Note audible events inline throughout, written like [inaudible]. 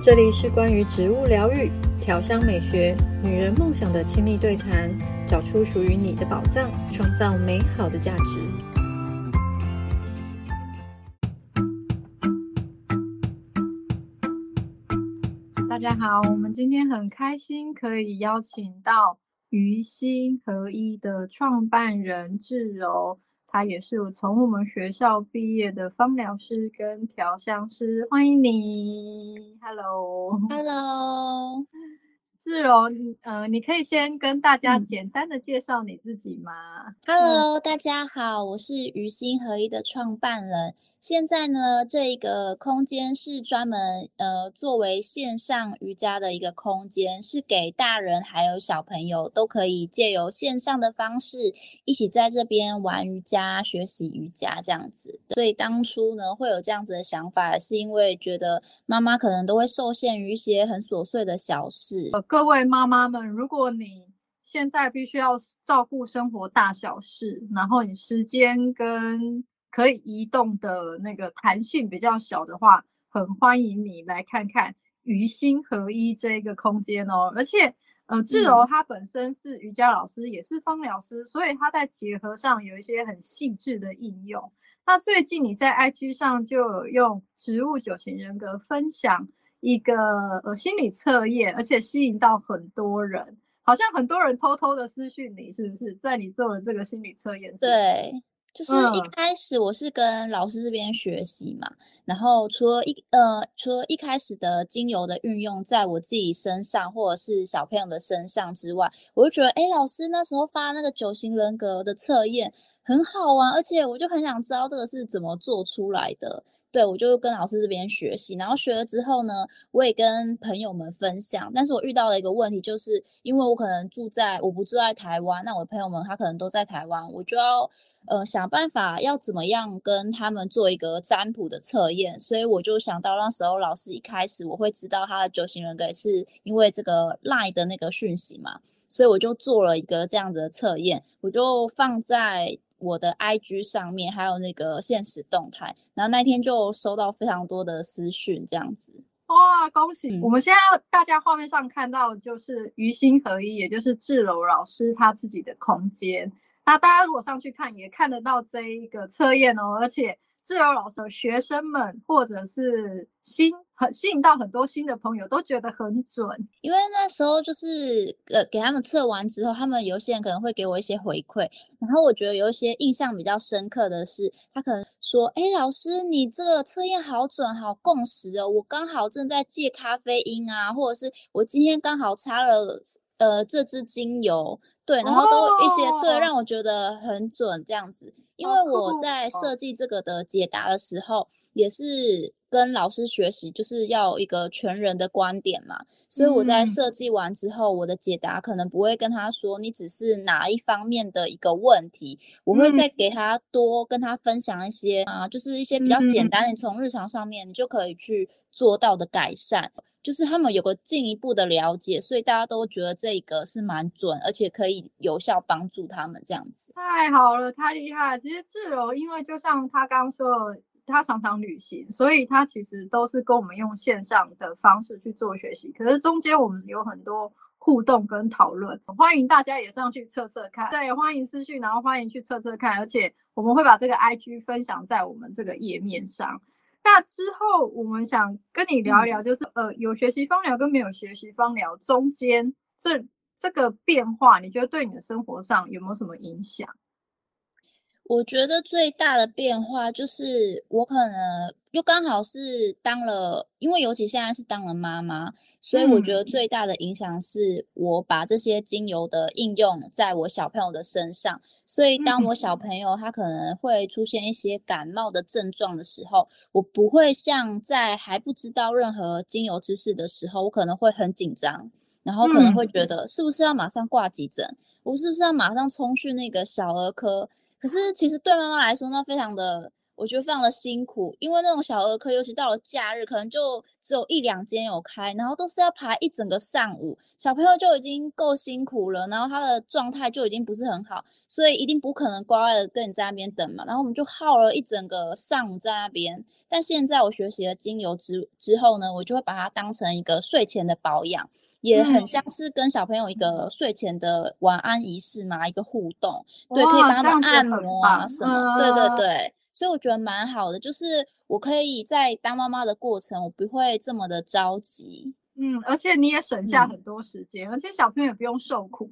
這裡是關於植物療癒、調香美學、女人夢想的親密對談，找出屬於你的寶藏，創造美好的價值。大家好，我們今天很開心可以邀請到瑜心合一的創辦人致柔。他也是我從我們學校畢業的芳療師跟調香師，歡迎你，Hello，Hello，致柔，嗯、呃，你可以先跟大家簡單的介紹你自己嗎？嗯、Hello，大家好，我是瑜心合一的創辦人。現在呢，這一個空間是專門呃作為線上瑜伽的一個空間，是給大人還有小朋友都可以借由線上的方式一起在這邊玩瑜伽、學習瑜伽這樣子。所以當初呢，會有這樣子的想法，是因為覺得媽媽可能都會受限於一些很瑣碎的小事。呃，各位媽媽們，如果你現在必須要照顧生活大小事，然後你時間跟可以移動的那個彈性比較小的話，很歡迎你來看看瑜心合一這一個空間哦。而且，呃致柔她本身是瑜伽老師，嗯、也是芳療師，所以她在結合上有一些很細緻的應用。那最近你在 IG 上就有用植物九型人格分享一個呃心理測驗，而且吸引到很多人，好像很多人偷偷的私訊你，是不是？在你做了這個心理測驗之後？對。就是一開始我是跟老師這邊學習嘛，嗯，然後除了一呃，除了一開始的精油的運用在我自己身上或者是小朋友的身上之外，我就覺得，誒、欸、老師那時候發那個九型人格的測驗很好玩，而且我就很想知道這個是怎麼做出來的。對，我就跟老師這邊學習，然後學了之後呢，我也跟朋友們分享。但是我遇到了一個問題，就是因為我可能住在我不住在台灣，那我的朋友們他可能都在台灣，我就要呃想辦法要怎麼樣跟他們做一個占卜的測驗。所以我就想到那時候老師一開始我會知道他的九型人格，是因為這個 Line 的那個訊息嘛，所以我就做了一個這樣子的測驗，我就放在我的 IG 上面還有那個限時動態，然後那天就收到非常多的私訊，這樣子。哇，恭喜！嗯、我們現在大家畫面上看到就是瑜心合一，也就是致柔老師他自己的空間。那大家如果上去看，也看得到這一個測驗哦，而且。致柔老師的學生們，或者是新很吸引到很多新的朋友，都覺得很準。因為那時候就是呃，給他們測完之後，他們有些人可能會給我一些回饋。然後我覺得有一些印象比較深刻的是，他可能說：“哎，老師，你這個測驗好準，好共識哦！我剛好正在戒咖啡因啊，或者是我今天剛好擦了呃這支精油，對，然後都一些、哦、對，讓我覺得很準這樣子。”因為我在設計這個的解答的時候，也是跟老師學習，就是要一個全人的觀點嘛。所以我在設計完之後，我的解答可能不會跟他說你只是哪一方面的一個問題，我會再給他多跟他分享一些啊，就是一些比較簡單，你從日常上面你就可以去做到的改善。就是他們有個進一步的了解，所以大家都覺得這個是蠻準，而且可以有效幫助他們這樣子。太好了，太厲害了！其實致柔，因為就像他剛剛說的，他常常旅行，所以他其實都是跟我們用線上的方式去做學習。可是中間我們有很多互動跟討論，歡迎大家也上去測測看。對，歡迎私訊，然後歡迎去測測看，而且我們會把這個 IG 分享在我們這個頁面上。那之後，我們想跟你聊一聊，就是、嗯、呃，有學習芳療跟沒有學習芳療中間這這個變化，你覺得對你的生活上有沒有什麼影響？我覺得最大的變化就是，我可能就剛好是當了，因為尤其現在是當了媽媽，所以我覺得最大的影響是我把這些精油的應用在我小朋友的身上。所以當我小朋友他可能會出現一些感冒的症狀的時候，我不會像在還不知道任何精油知識的時候，我可能會很緊張，然後可能會覺得是不是要馬上掛急診，我是不是要馬上衝去那個小兒科。可是，其實對媽媽來說呢，非常的。我覺得非常的辛苦，因為那種小兒科，尤其到了假日，可能就只有一兩間有開，然後都是要排一整個上午，小朋友就已經夠辛苦了，然後他的狀態就已經不是很好，所以一定不可能乖乖的跟你在那邊等嘛。然後我們就耗了一整個上午在那邊。但現在我學習了精油之之後呢，我就會把它當成一個睡前的保養，也很像是跟小朋友一個睡前的晚安儀式嘛，一個互動，對，可以幫他們按摩啊什麼，uh... 對，對對對。所以我覺得蠻好的，就是我可以在當媽媽的過程，我不會這麼的着急。嗯，而且你也省下很多時間，嗯，而且小朋友不用受苦。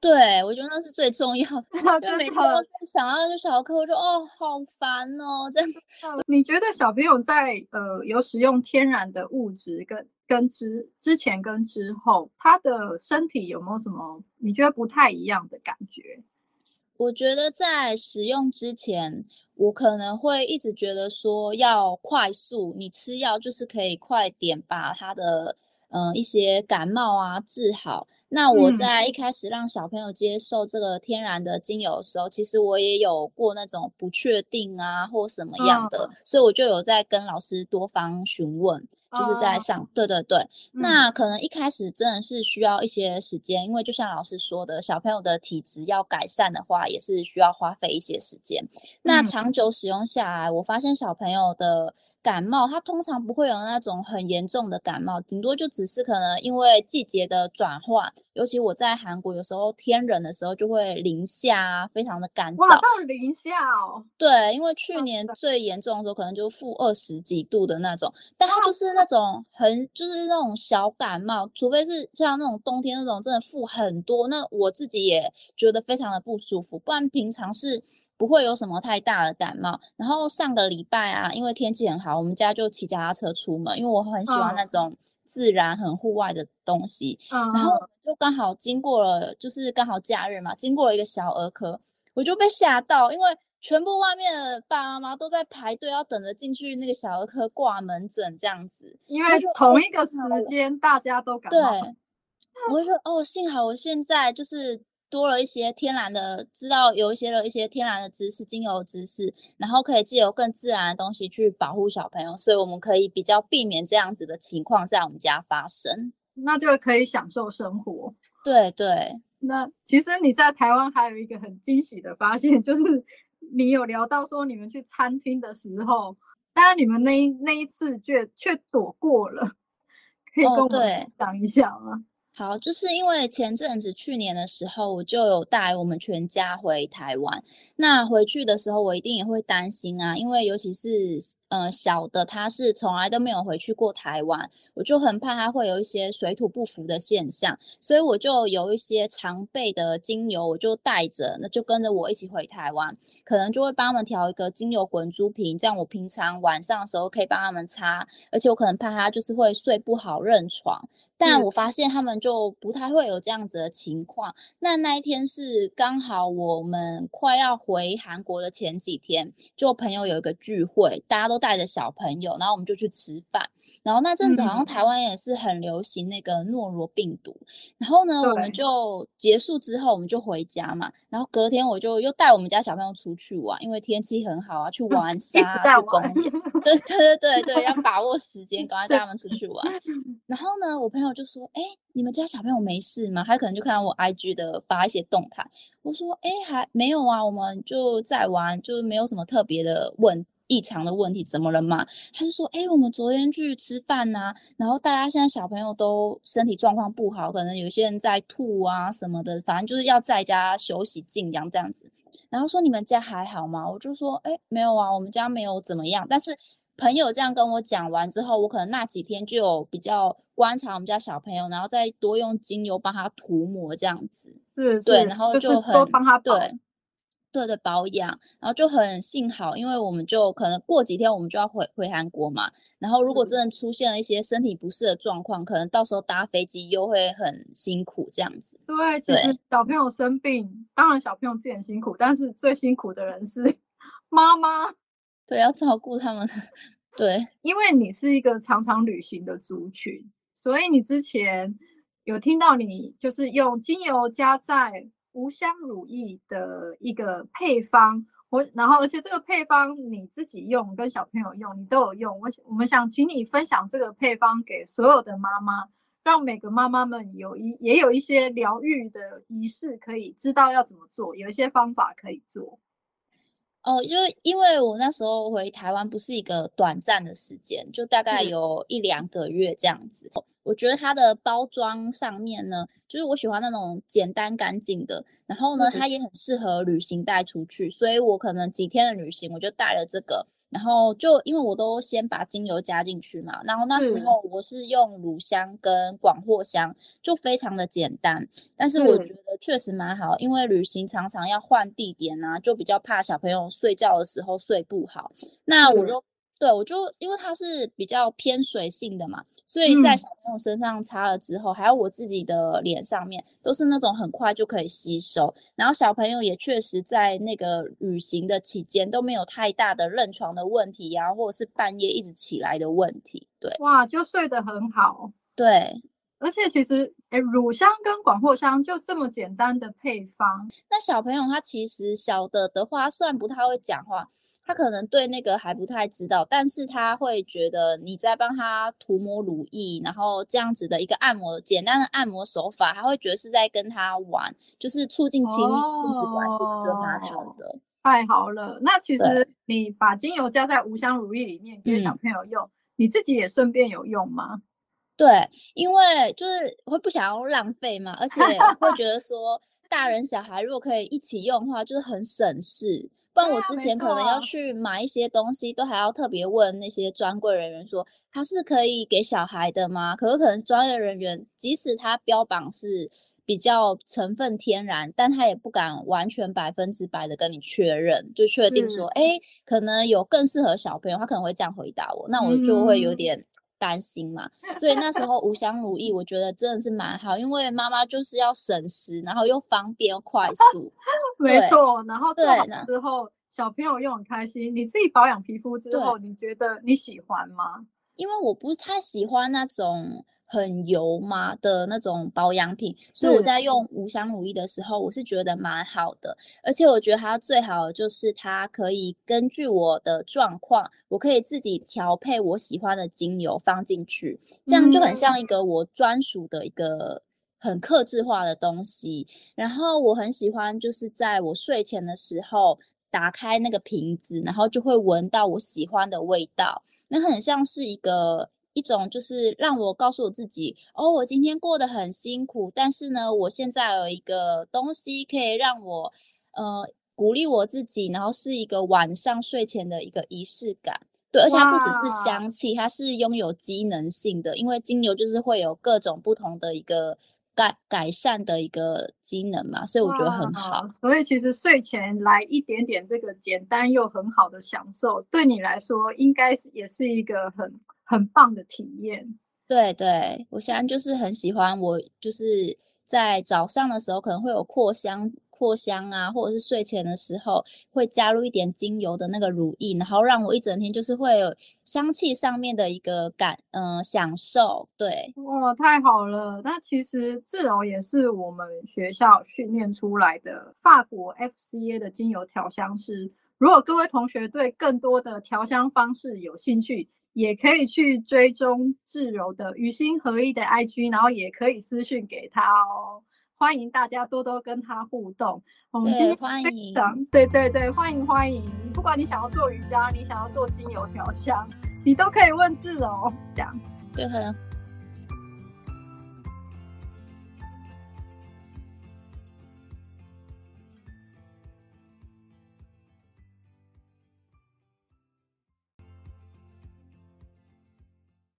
對，我覺得那是最重要的，啊、因為每次我就想要就小課、啊，我就哦好煩哦這樣。真的 [laughs] 你覺得小朋友在呃有使用天然的物質跟跟之之前跟之後，他的身體有沒有什麼你覺得不太一樣的感覺？我覺得在使用之前，我可能會一直覺得說要快速，你吃藥就是可以快點把他的嗯、呃、一些感冒啊治好。那我在一開始讓小朋友接受這個天然的精油的時候，嗯、其實我也有過那種不確定啊或什麼樣的、哦，所以我就有在跟老師多方詢問，就是在想、哦、對對對、嗯。那可能一開始真的是需要一些時間，因為就像老師說的，小朋友的體質要改善的話，也是需要花費一些時間、嗯。那長久使用下來，我發現小朋友的感冒，他通常不會有那種很嚴重的感冒，頂多就只是可能因為季節的轉換。尤其我在韓國，有時候天冷的時候就會零下、啊，非常的乾燥。哇，到零下哦！對，因為去年最嚴重的時候可能就負二十幾度的那種，但它就是那種很、啊，就是那種小感冒。除非是像那種冬天那種真的負很多，那我自己也覺得非常的不舒服。不然平常是不會有什麼太大的感冒。然後上個禮拜啊，因為天氣很好，我們家就騎腳踏車出門，因為我很喜歡那種。啊自然很戶外的東西，uh-huh. 然後就剛好經過了，就是剛好假日嘛，經過了一個小兒科，我就被嚇到，因為全部外面的爸爸媽媽都在排隊要等着進去那個小兒科掛門診這樣子，因為同一個時間大家都感冒，對，我就說哦，幸好我現在就是。多了一些天然的，知道有一些了一些天然的知識、精油知識，然後可以藉由更自然的東西去保護小朋友，所以我們可以比較避免這樣子的情況在我們家發生。那就可以享受生活。對對，那其實你在台灣還有一個很驚喜的發現，就是你有聊到說，你們去餐廳的時候，當然你們那一那一次卻卻躲過了，可以跟我們講一下嗎？哦好，就是因為前陣子去年的時候，我就有帶我們全家回台灣。那回去的時候，我一定也會擔心啊，因為尤其是。嗯，小的他是從來都沒有回去過台灣，我就很怕他會有一些水土不服的現象，所以我就有一些常備的精油，我就帶着，那就跟着我一起回台灣，可能就會幫他們調一個精油滾珠瓶，這樣我平常晚上的時候可以幫他們擦，而且我可能怕他就是會睡不好認床，但我發現他們就不太會有這樣子的情況。嗯、那那一天是剛好我們快要回韓國的前幾天，就朋友有一個聚會，大家都。帶着小朋友，然後我們就去吃飯。然後那陣子好像台灣也是很流行那個諾如病毒、嗯。然後呢，我們就結束之後，我們就回家嘛。然後隔天我就又帶我們家小朋友出去玩，因為天氣很好啊，去玩沙、啊嗯、去公園。對 [laughs] 對對對對， [laughs] 要把握時間，趕 [laughs] 快帶他們出去玩。 [laughs] 然後呢，我朋友就說：“哎、欸，你們家小朋友沒事嗎？”他可能就看到我 IG 的發一些動態。我說：“哎、欸，還沒有啊，我們就在玩，就沒有什麼特別的問。”異常的問題怎麼了嘛？他就說，哎、欸，我們昨天去吃飯吶、啊，然後大家現在小朋友都身體狀況不好，可能有些人在吐啊什麼的，反正就是要在家休息靜養這，這樣子。然後說，你們家還好嗎？我就說，哎、欸，沒有啊，我們家沒有怎麼樣。但是朋友這樣跟我講完之後，我可能那幾天就有比較觀察我們家小朋友，然後再多用精油幫他塗抹這樣子。是是對是，然後就很多、就是、幫他對。特的保養，然後就很幸好，因為我們就可能過幾天我們就要回回韓國嘛，然後如果真的出現了一些身體不適的狀況，可能到時候搭飛機又會很辛苦這樣子對。對，其實小朋友生病，當然小朋友自己很辛苦，但是最辛苦的人是媽媽。對，要照顧他們。對，因為你是一個常常旅行的族群，所以你之前有聽到你就是用精油加在。吾香乳液的一個配方，我然後而且這個配方你自己用跟小朋友用你都有用，我想我們想請你分享這個配方給所有的媽媽，讓每個媽媽們有一也有一些療癒的儀式，可以知道要怎麼做，有一些方法可以做。哦，就因為我那時候回台灣不是一個短暫的時間，就大概有一兩個月這樣子。嗯。我覺得它的包裝上面呢，就是我喜歡那種簡單乾淨的，然後呢，它也很適合旅行帶出去，所以我可能幾天的旅行，我就帶了這個。然後就因為我都先把精油加進去嘛，然後那時候我是用乳香跟廣藿香，就非常的簡單，但是我覺得確實蠻好，嗯，因為旅行常常要換地點啊，就比較怕小朋友睡覺的時候睡不好，那我就，嗯。對，我就因為它是比較偏水性的嘛，所以在小朋友身上擦了之後、嗯，還有我自己的臉上面，都是那種很快就可以吸收。然後小朋友也確實在那個旅行的期間都沒有太大的認床的問題、啊，呀，或者是半夜一直起來的問題。對，哇，就睡得很好。對，而且其實，誒，乳香跟廣藿香就這麼簡單的配方，那小朋友他其實小的的話，他算不太會講話。他可能對那個還不太知道，但是他會覺得你在幫他塗抹乳液，然後這樣子的一個按摩，簡單的按摩手法，他會覺得是在跟他玩，就是促進親親子關係，就蠻好的。太好了，那其實你把精油加在無香乳液裡面給小朋友用、嗯，你自己也順便有用嗎？對，因為就是會不想要浪費嘛，而且會覺得說大人小孩如果可以一起用的話，就是很省事。不然我之前可能要去買一些東西，啊啊、都還要特別問那些專櫃人員說，他是可以給小孩的嗎？可不可能？專業人員即使他標榜是比較成分天然，但他也不敢完全百分之百的跟你確認，就確定說，哎、嗯欸，可能有更適合小朋友，他可能會這樣回答我，那我就會有點、嗯。擔心嘛，所以那時候吾香乳液，我覺得真的是蠻好， [laughs] 因為媽媽就是要省時，然後又方便又快速，沒錯，然後做好之後，小朋友又很開心。你自己保養皮膚之後，你覺得你喜歡嗎？因為我不太喜歡那種很油嘛的那種保養品，所以我在用吾香乳液的時候，我是覺得蠻好的。而且我覺得它最好的就是它可以根據我的狀況，我可以自己調配我喜歡的精油放進去，這樣就很像一個我專屬的一個很客製化的東西，嗯。然後我很喜歡，就是在我睡前的時候。打開那個瓶子，然後就會聞到我喜歡的味道。那，很像是一個一種，就是讓我告訴我自己，哦，我今天過得很辛苦，但是呢，我現在有一個東西可以讓我，呃，鼓勵我自己。然後是一個晚上睡前的一個儀式感，對，而且它不只是香氣，Wow. 它是擁有機能性的，因為精油就是會有各種不同的一個。改改善的一個機能嘛，所以我覺得很好。啊，所以其實睡前來一點點這個簡單又很好的享受，對你來說應該是也是一個很很棒的體驗。對對，我現在就是很喜歡，我就是在早上的時候可能會有擴香。擴香啊，或者是睡前的時候會加入一點精油的那個乳液，然後讓我一整天就是會有香氣上面的一個感，呃享受。對，哇、哦，太好了！那其實致柔也是我們學校訓練出來的法國 F C A 的精油調香師。如果各位同學對更多的調香方式有興趣，也可以去追蹤致柔的瑜心合一的 I G，然後也可以私訊給他哦。歡迎大家多多跟他互動。我們、嗯、今天歡迎，對對對，歡迎歡迎！不管你想要做瑜伽，你想要做精油調香，你都可以問致柔、哦。這樣，對的。